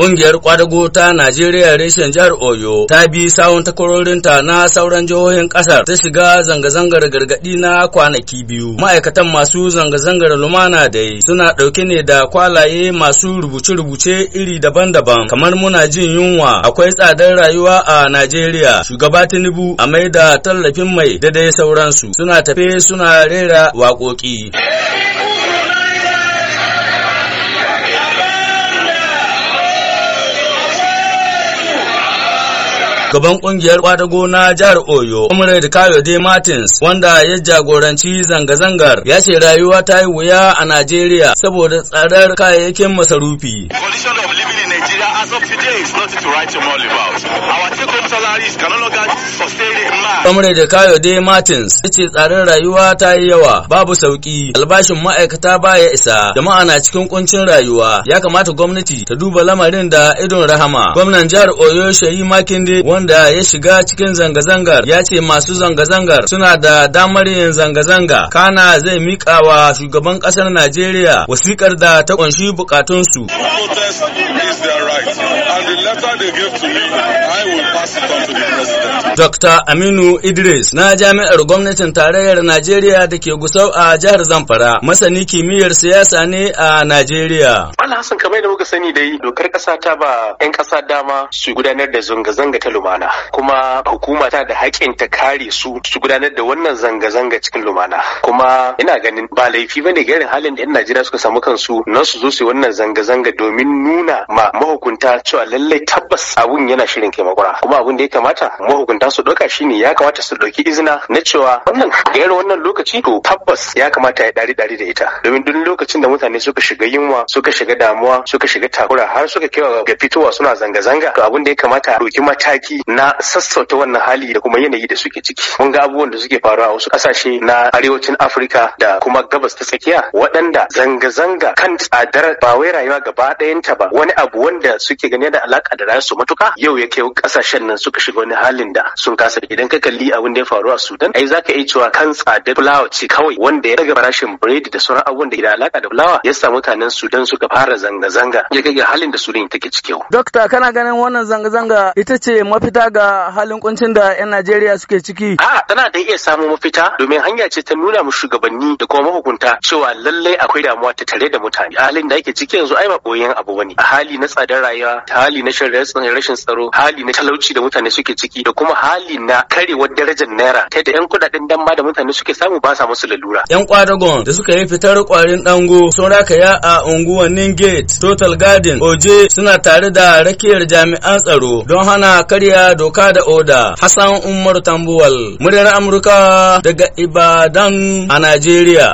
Ƙungiyar kwadago ta Najeriya reshen jihar Oyo ta bi sawun takwarorinta na sauran jihohin ƙasar ta shiga zanga-zangar gargaɗi na kwanaki biyu. Ma'aikatan masu zanga-zangar lumana dai suna ɗauke ne da kwalaye masu rubuce-rubuce iri daban-daban kamar muna jin yunwa akwai tsadar rayuwa a Najeriya shugaba Tinubu a mai da tallafin mai da dai sauransu suna tafe suna rera waƙoƙi. shugaban kungiyar kwadago na jihar Oyo, Comrade Kayode Martins, wanda ya jagoranci zanga-zangar, ya ce rayuwa ta yi wuya a Najeriya saboda tsadar kayayyakin masarufi. of living Nigeria Our salaries can no longer Famre da Kayo De Martins ce tsarin rayuwa ta yi yawa babu sauki albashin ma'aikata baya isa jama'a na cikin kuncin rayuwa ya kamata gwamnati ta duba lamarin da idon rahama gwamnan jihar Oyo Shehi Makinde wanda ya shiga cikin zanga-zangar ya ce masu zanga-zangar suna da damar yin zanga-zanga kana zai mika wa shugaban kasar Najeriya wasikar da ta kunshi bukatunsu. Dr. Aminu Idris na jami'ar gwamnatin tarayyar Najeriya da ke Gusau a jihar Zamfara masani kimiyyar siyasa ne a Najeriya. Malam Hassan kamar da muka sani dai dokar ƙasa ta ba 'yan ƙasa dama su gudanar da zanga-zanga ta lumana kuma hukuma ta da haƙƙin ta kare su su gudanar da wannan zanga-zanga cikin lumana kuma ina ganin ba laifi bane ga halin da 'yan Najeriya suka samu kansu na su zo su wannan zanga-zanga domin nuna ma mahukunta cewa lallai tabbas abun yana shirin kai makura kuma abun da ya kamata mahukunta su ɗauka shine ya kamata kamata su ɗauki izina na cewa wannan gayar wannan lokaci to tabbas ya kamata ya dari dari da ita domin duk lokacin da mutane suka shiga yunwa suka shiga damuwa suka shiga takura har suka kewa ga fitowa suna zanga-zanga to abin da ya kamata ɗauki mataki na sassauta wannan hali da kuma yanayi da suke ciki mun ga abubuwan da suke faruwa a wasu ƙasashe na arewacin afirka da kuma gabas ta tsakiya waɗanda zanga-zanga kan tsadar ba wai rayuwa gaba ɗayanta ba wani abu wanda suke gani da alaƙa da su matuka yau ya kai ƙasashen nan suka shiga wani halin da sun kasa idan ka kalli Ali abin da ya faru a Sudan ai zaka iya cewa kan tsadar fulawa ce kawai wanda ya daga farashin biredi da sauran abubuwan da ke da alaka da fulawa ya sa mutanen Sudan suka fara zanga-zanga ya ga halin da Sudan take ciki. Dokta kana ganin wannan zanga-zanga ita ce mafita ga halin kuncin da 'yan Najeriya suke ciki? A tana da iya samu mafita domin hanya ce ta nuna mu shugabanni da kuma mahukunta cewa lallai akwai damuwa ta tare da mutane. Halin da ake ciki yanzu ai maboyin abu bane. A hali na tsadar rayuwa, hali na rashin tsaro, hali na talauci da mutane suke ciki da kuma hali na karewa darajar naira ta da yan kudaden dan da mutane suke samu ba sa musu lalura yan kwadagon da suka yi fitar kwarin dango sun rakaya a unguwannin gate total garden oje suna tare da rakiyar jami'an tsaro don hana karya doka da oda hassan umar tambuwal muryar amurka daga ibadan a najeriya